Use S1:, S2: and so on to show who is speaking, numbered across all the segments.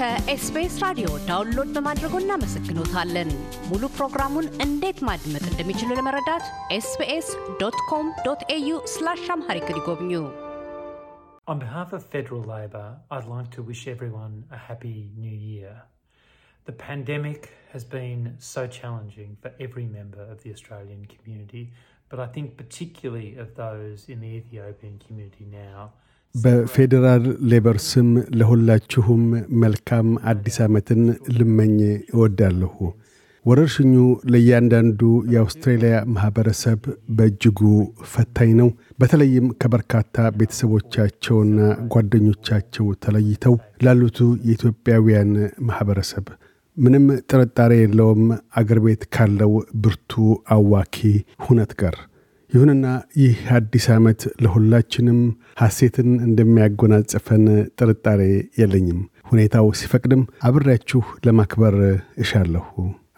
S1: ከኤስቢኤስ ራዲዮ ዳውንሎድ በማድረጎ እናመሰግኖታለን። ሙሉ ፕሮግራሙን እንዴት ማድመጥ እንደሚችሉ ለመረዳት ኤስቢኤስ ዶት ኮም ዶት ኤዩ ስላሽ አምሃሪክ ይጎብኙ።
S2: On behalf of Federal Labor, I'd like to wish everyone a happy new year. The pandemic has been so challenging for every member of the Australian community but I think particularly of those in the Ethiopian community now.
S3: በፌዴራል ሌበር ስም ለሁላችሁም መልካም አዲስ ዓመትን ልመኝ እወዳለሁ። ወረርሽኙ ለእያንዳንዱ የአውስትሬልያ ማኅበረሰብ በእጅጉ ፈታኝ ነው። በተለይም ከበርካታ ቤተሰቦቻቸውና ጓደኞቻቸው ተለይተው ላሉቱ የኢትዮጵያውያን ማኅበረሰብ ምንም ጥርጣሬ የለውም አገር ቤት ካለው ብርቱ አዋኪ ሁነት ጋር። ይሁንና ይህ አዲስ ዓመት ለሁላችንም ሐሴትን እንደሚያጎናጽፈን ጥርጣሬ የለኝም። ሁኔታው ሲፈቅድም አብሬያችሁ ለማክበር እሻለሁ።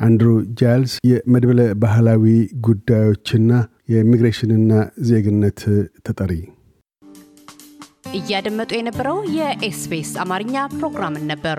S3: አንድሩ ጃይልስ የመድበለ ባህላዊ ጉዳዮችና የኢሚግሬሽንና ዜግነት ተጠሪ።
S1: እያደመጡ የነበረው የኤስፔስ አማርኛ ፕሮግራምን ነበር።